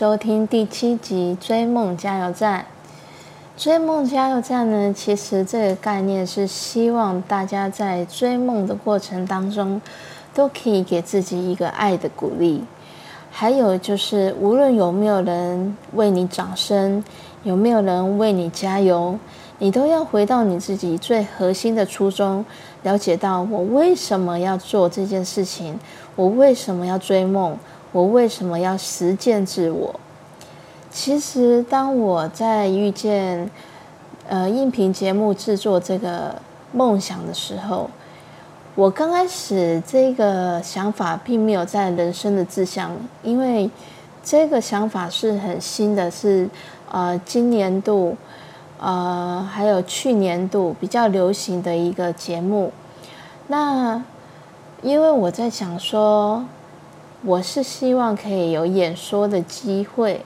收聽第七集《追夢加油站》，追夢加油站呢，其實這個概念是希望大家在追夢的過程當中，都可以給自己一個愛的鼓勵。還有就是，無論有沒有人為你掌聲，有沒有人為你加油，你都要回到你自己最核心的初衷，了解到我為什麼要做這件事情，我為什麼要追夢。我為什麼要實踐自我？其實，當我在遇見呃，音頻節目製作這個夢想的時候，我剛開始這個想法並沒有在人生的志向，因為這個想法是很新的是，是呃，今年度呃，還有去年度比較流行的一個節目。那因為我在想說。我是希望可以有演說的機會，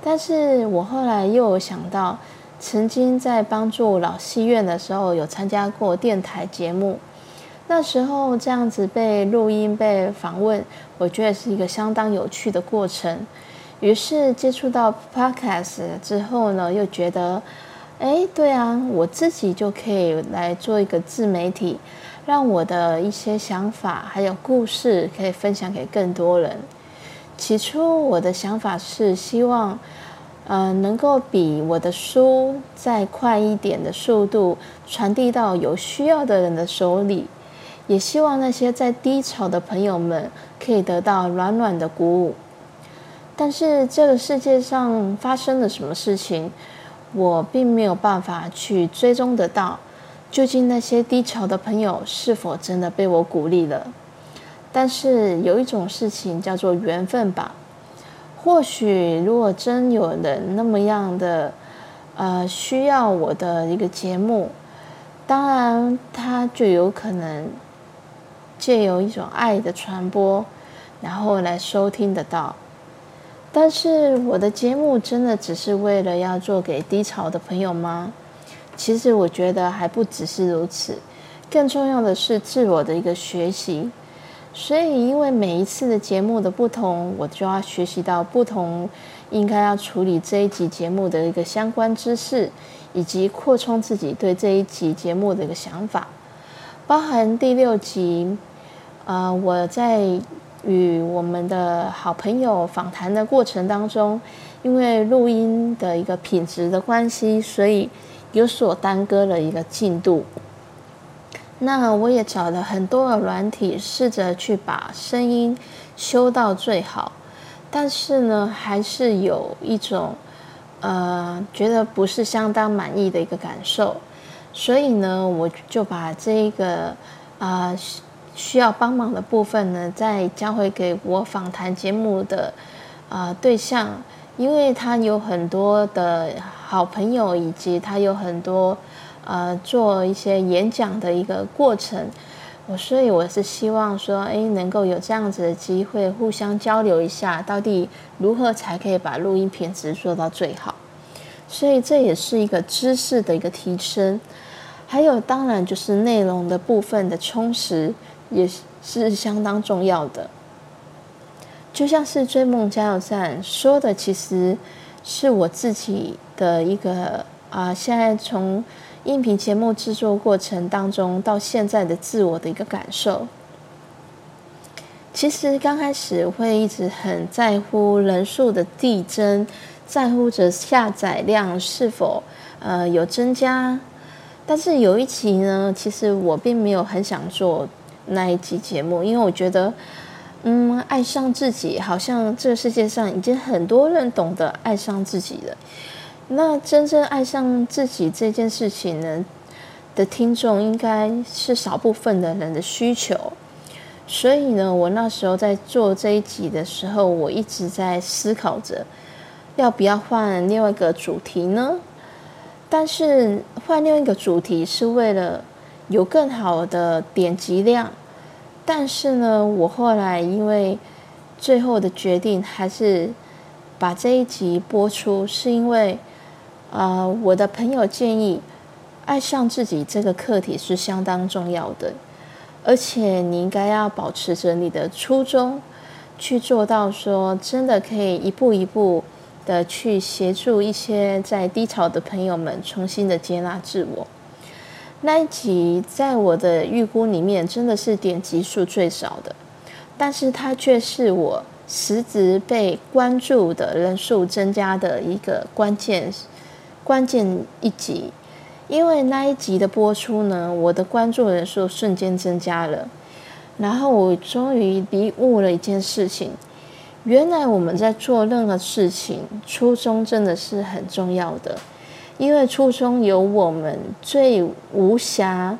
但是我後來又有想到，曾經在幫助老戲院的時候，有參加過電台節目，那時候這樣子被錄音、被訪問，我覺得是一個相當有趣的過程。於是接觸到 Podcast 之後呢，又覺得，哎，對啊，我自己就可以來做一個自媒體。讓我的一些想法還有故事可以分享給更多人。起初我的想法是希望，呃，能夠比我的書再快一點的速度傳遞到有需要的人的手裡，也希望那些在低潮的朋友們可以得到暖暖的鼓舞。但是這個世界上發生了什麼事情，我並沒有辦法去追蹤得到。究竟那些低潮的朋友是否真的被我鼓勵了？但是有一種事情叫做緣分吧。或許如果真有人那麼樣的，呃，需要我的一個節目，當然他就有可能借由一種愛的傳播，然後來收聽得到。但是我的節目真的只是為了要做給低潮的朋友嗎？其實我覺得還不只是如此，更重要的是自我的一個學習。所以，因為每一次的節目的不同，我就要學習到不同應該要處理這一集節目的一個相關知識，以及擴充自己對這一集節目的一個想法。包含第六集，呃，我在與我們的好朋友訪談的過程當中，因為錄音的一個品質的關係，所以。有所耽擱的一個進度，那我也找了很多的軟體，試着去把聲音修到最好，但是呢，還是有一種呃覺得不是相當滿意的一個感受，所以呢，我就把這一個啊、呃、需要幫忙的部分呢，再交回給我訪談節目的啊、呃、對象，因為他有很多的，好朋友以及他有很多，呃，做一些演講的一個過程，我所以我是希望說，誒，能夠有這樣子的機會，互相交流一下，到底如何才可以把錄音品質做到最好。所以這也是一個知識的一個提升，還有當然就是內容的部分的充實，也是相當重要的。就像是追夢加油站說的，其實。是我自己的一個啊，呃，現在從音頻節目製作過程當中，到現在的自我的一個感受。其實剛開始我會一直很在乎人數的遞增，在乎着下載量是否呃有增加，但是有一期呢，其實我並沒有很想做那一期節目，因為我覺得。嗯，愛上自己，好像這個世界上已經很多人懂得愛上自己了。那真正愛上自己這件事情呢，的聽衆應該是少部分的人的需求。所以呢，我那時候在做這一集的時候，我一直在思考着，要不要換另外一個主題呢？但是換另外一個主題是為了有更好的點擊量。但是呢，我後來因為最後的決定還是把這一集播出，是因為啊、呃，我的朋友建議，愛上自己這個課題是相當重要的，而且你應該要保持着你的初衷，去做到說真的可以一步一步的去協助一些在低潮的朋友們重新的接納自我。那一集在我的預估裡面真的是點擊數最少的，但是它卻是我實質被關注的人數增加的一個關鍵關鍵一集。因為那一集的播出呢，我的關注人數瞬間增加了，然後我終於領悟了一件事情，原來我們在做任何事情，初衷真的是很重要的。因為初衷有我們最無瑕、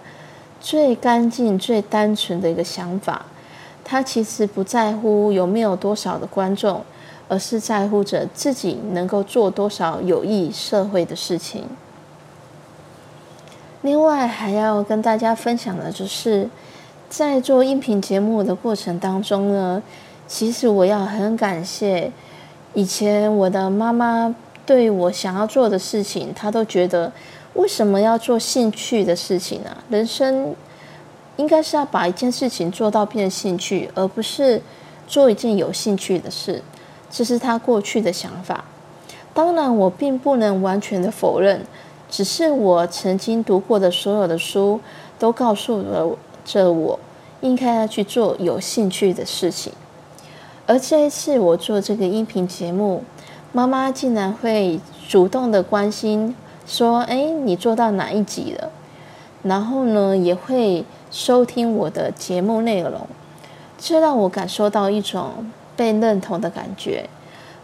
最乾淨、最單純的一個想法，他其實不在乎有沒有多少的觀眾，而是在乎着自己能夠做多少有益社會的事情。另外，還要跟大家分享的就是，在做音頻節目的過程當中呢，其實我要很感謝以前我的媽媽。對於我想要做的事情，他都覺得為什麼要做興趣的事情呢、啊？人生應該是要把一件事情做到變成興趣，而不是做一件有興趣的事。這是他過去的想法。當然，我並不能完全的否認，只是我曾經讀過的所有的書都告訴了這我應該要去做有興趣的事情。而這一次，我做這個音頻節目。媽媽竟然會主動的關心，說：“哎，你做到哪一集了？”然後呢，也會收聽我的節目內容，這讓我感受到一種被認同的感覺。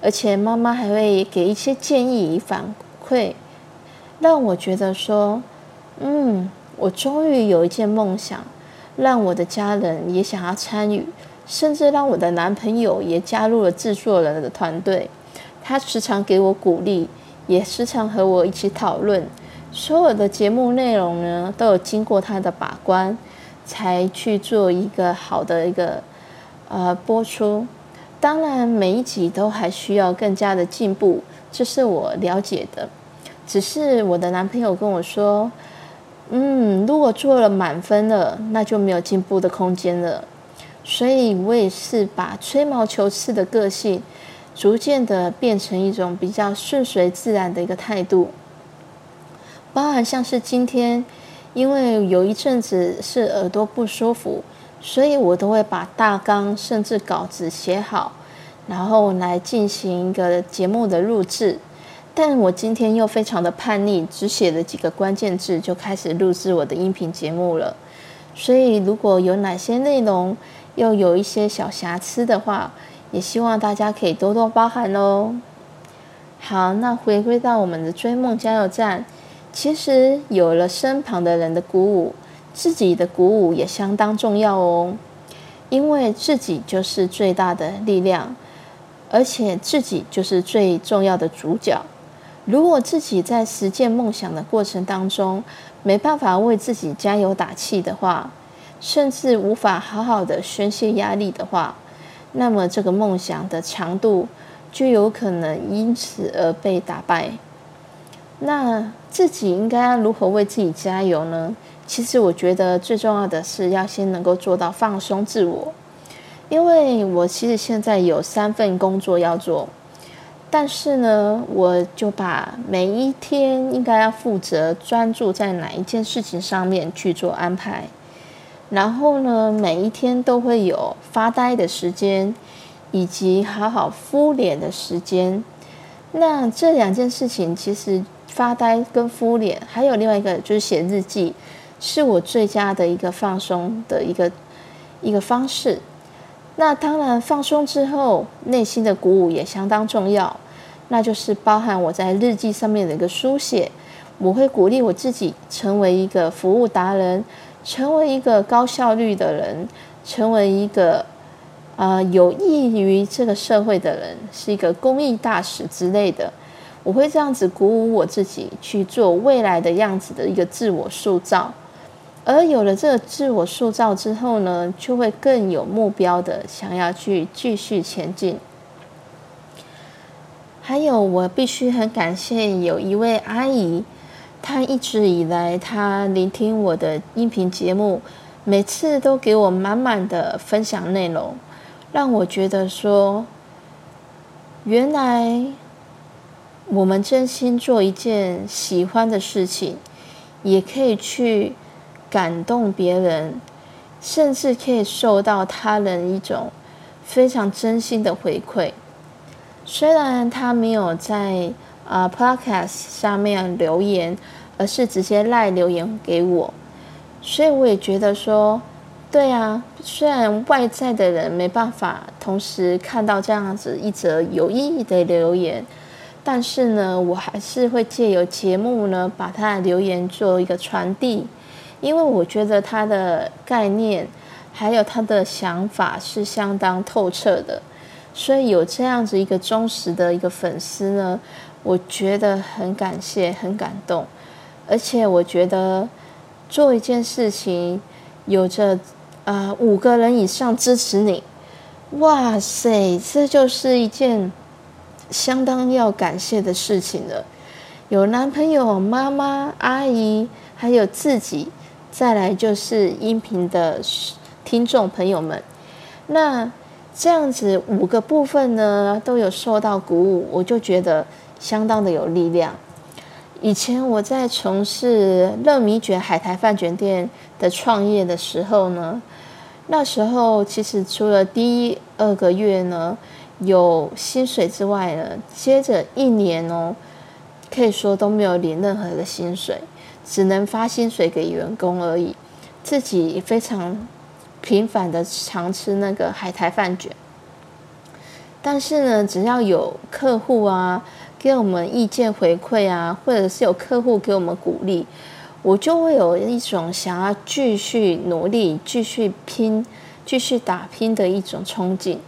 而且媽媽還會給一些建議與反饋，讓我覺得說：“嗯，我終於有一件夢想，讓我的家人也想要參與，甚至讓我的男朋友也加入了制作人的團隊。”他時常給我鼓勵，也時常和我一起討論。所有的節目內容呢，都有經過他的把關，才去做一個好的一個呃播出。當然，每一集都還需要更加的進步，這是我了解的。只是我的男朋友跟我說：“嗯，如果做了滿分了，那就沒有進步的空間了。”所以，我也是把吹毛求疵的個性，逐漸的變成一種比較順隨自然的一個態度，包含像是今天，因為有一陣子是耳朵不舒服，所以我都會把大綱甚至稿子寫好，然後來進行一個節目的錄製。但我今天又非常的叛逆，只寫了幾個關鍵字就開始錄製我的音頻節目了。所以如果有哪些內容又有一些小瑕疵的話，也希望大家可以多多包涵嘍。好，那回歸到我們的追夢加油站，其實有了身旁的人的鼓舞，自己的鼓舞也相當重要哦。因為自己就是最大的力量，而且自己就是最重要的主角。如果自己在實踐夢想的過程當中，沒辦法為自己加油打氣的話，甚至無法好好的宣洩壓力的話，那麼這個夢想的強度就有可能因此而被打敗。那自己應該如何為自己加油呢？其實我覺得最重要的是要先能夠做到放鬆自我。因為我其實現在有三份工作要做，但是呢，我就把每一天應該要負責專注在哪一件事情上面去做安排。然後呢，每一天都會有發呆的時間，以及好好敷臉的時間。那這兩件事情，其實發呆跟敷臉，還有另外一個就是寫日記，是我最佳的一個放鬆的一個一個方式。那當然，放鬆之後內心的鼓舞也相當重要，那就是包含我在日記上面的一個書寫。我會鼓勵我自己成為一個服務達人。成為一個高效率的人，成為一個啊、呃、有益於這個社會的人，是一個公益大使之類的。我會這樣子鼓舞我自己去做未來的樣子的一個自我塑造。而有了這個自我塑造之後呢，就會更有目標的想要去繼續前進。還有，我必須很感謝有一位阿姨。他一直以來，他聆聽我的音頻節目，每次都給我滿滿的分享內容，讓我覺得說，原來我們真心做一件喜歡的事情，也可以去感動別人，甚至可以受到他人一種非常真心的回饋。雖然他沒有在啊、呃、Podcast 上面留言。而是直接賴留言給我，所以我也覺得說，對啊，雖然外在的人沒辦法同時看到這樣子一則有意義的留言，但是呢，我還是會借由節目呢，把他的留言做一個傳遞，因為我覺得他的概念還有他的想法是相當透徹的，所以有這樣子一個忠實的一個粉絲呢，我覺得很感謝，很感動。而且我覺得，做一件事情有着啊、呃、五個人以上支持你，哇塞，這就是一件相當要感謝的事情了。有男朋友、媽媽、阿姨，還有自己，再來就是音頻的聽眾朋友們。那這樣子五個部分呢，都有受到鼓舞，我就覺得相當的有力量。以前我在從事樂米卷海苔飯卷店的創業的時候呢，那時候其實除了第一、二個月呢有薪水之外呢，接着一年哦，可以說都沒有領任何的薪水，只能發薪水給員工而已，自己非常頻繁的常吃那個海苔飯卷，但是呢，只要有客戶啊。給我們意見回饋啊，或者是有客戶給我們鼓勵，我就會有一種想要繼續努力、繼續拼、繼續打拼的一種憧憬。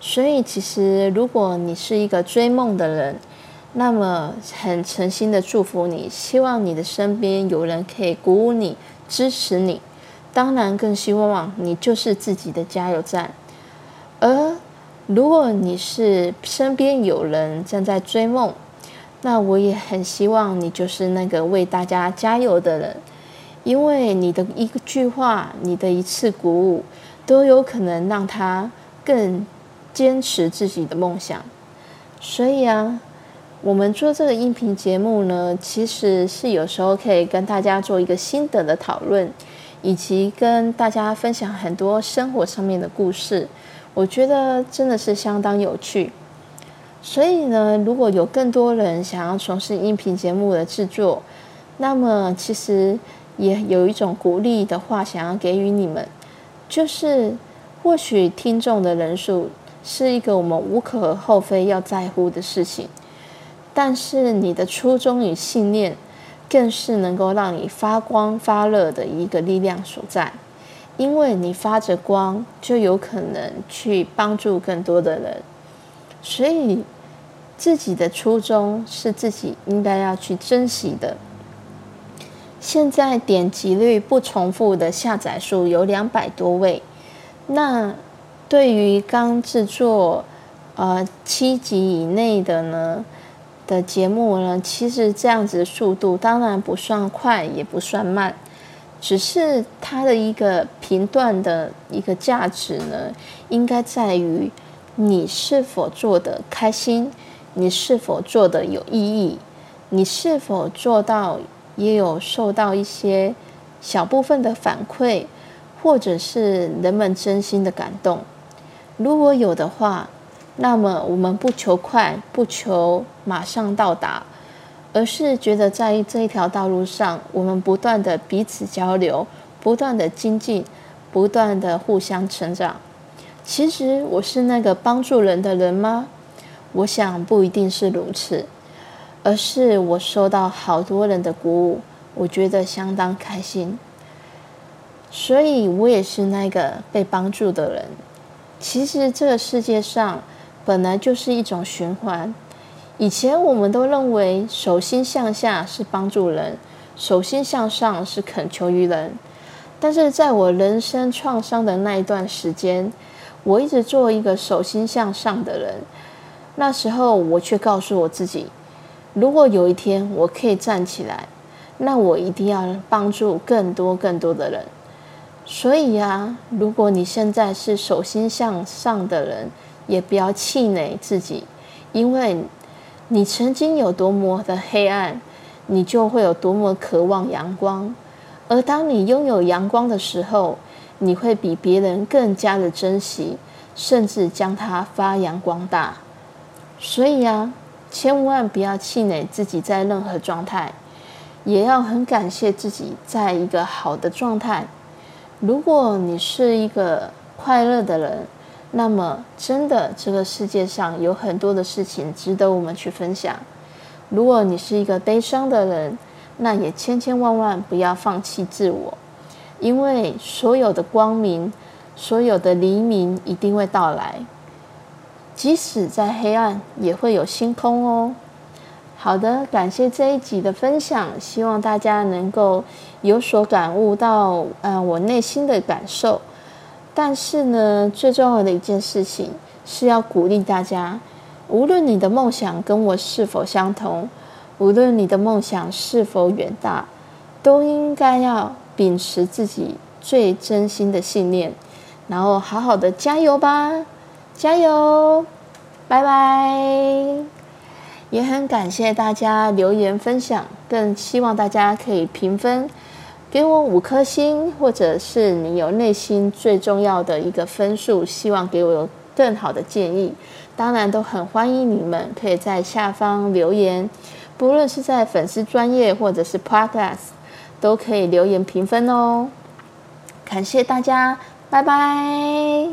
所以，其實如果你是一個追夢的人，那麼很誠心的祝福你，希望你的身邊有人可以鼓舞你、支持你。當然，更希望你就是自己的加油站。如果你是身邊有人正在追夢，那我也很希望你就是那個為大家加油的人，因為你的一句話，你的一次鼓舞，都有可能讓他更堅持自己的夢想。所以啊，我們做這個音頻節目呢，其實是有時候可以跟大家做一個心得的討論，以及跟大家分享很多生活上面的故事。我覺得真的是相當有趣，所以呢，如果有更多人想要從事音頻節目的製作，那麼其實也有一種鼓勵的話想要給予你們，就是或許聽眾的人數是一個我們無可厚非要在乎的事情，但是你的初衷與信念，更是能夠讓你發光發熱的一個力量所在。因為你發着光，就有可能去幫助更多的人，所以自己的初衷是自己應該要去珍惜的。現在點擊率不重複的下載數有兩百多位，那對於剛制作呃七集以內的呢的節目呢，其實這樣子的速度當然不算快，也不算慢。只是它的一個頻段的一個價值呢，應該在於你是否做得開心，你是否做得有意義，你是否做到也有受到一些小部分的反饋，或者是人們真心的感動。如果有的話，那麼我們不求快，不求馬上到達。而是覺得，在這一條道路上，我們不斷的彼此交流，不斷的精進，不斷的互相成長。其實我是那個幫助人的人嗎？我想不一定是如此，而是我收到好多人的鼓舞，我覺得相當開心。所以我也是那個被幫助的人。其實這個世界上本來就是一種循環。以前我們都認為手心向下是幫助人，手心向上是懇求於人。但是在我人生創傷的那一段時間，我一直做一個手心向上的人。那時候我卻告訴我自己，如果有一天我可以站起來，那我一定要幫助更多更多的人。所以啊，如果你現在是手心向上的人，也不要氣餒自己，因為。你曾經有多麼的黑暗，你就會有多麼渴望陽光。而當你擁有陽光的時候，你會比別人更加的珍惜，甚至將它發揚光大。所以啊，千萬不要氣餒自己在任何狀態，也要很感謝自己在一個好的狀態。如果你是一個快樂的人。那麼，真的，這個世界上有很多的事情值得我們去分享。如果你是一個悲傷的人，那也千千萬萬不要放棄自我，因為所有的光明，所有的黎明一定會到來。即使在黑暗，也會有星空哦。好的，感謝這一集的分享，希望大家能夠有所感悟到，嗯、呃，我內心的感受。但是呢，最重要的一件事情是要鼓勵大家，無論你的夢想跟我是否相同，無論你的夢想是否遠大，都應該要秉持自己最真心的信念，然後好好的加油吧，加油，拜拜！也很感謝大家留言分享，更希望大家可以評分。給我五顆星，或者是你有內心最重要的一個分數，希望給我有更好的建議。當然都很歡迎你們可以在下方留言，不論是在粉絲專頁或者是 Podcast，都可以留言評分哦。感謝大家，拜拜。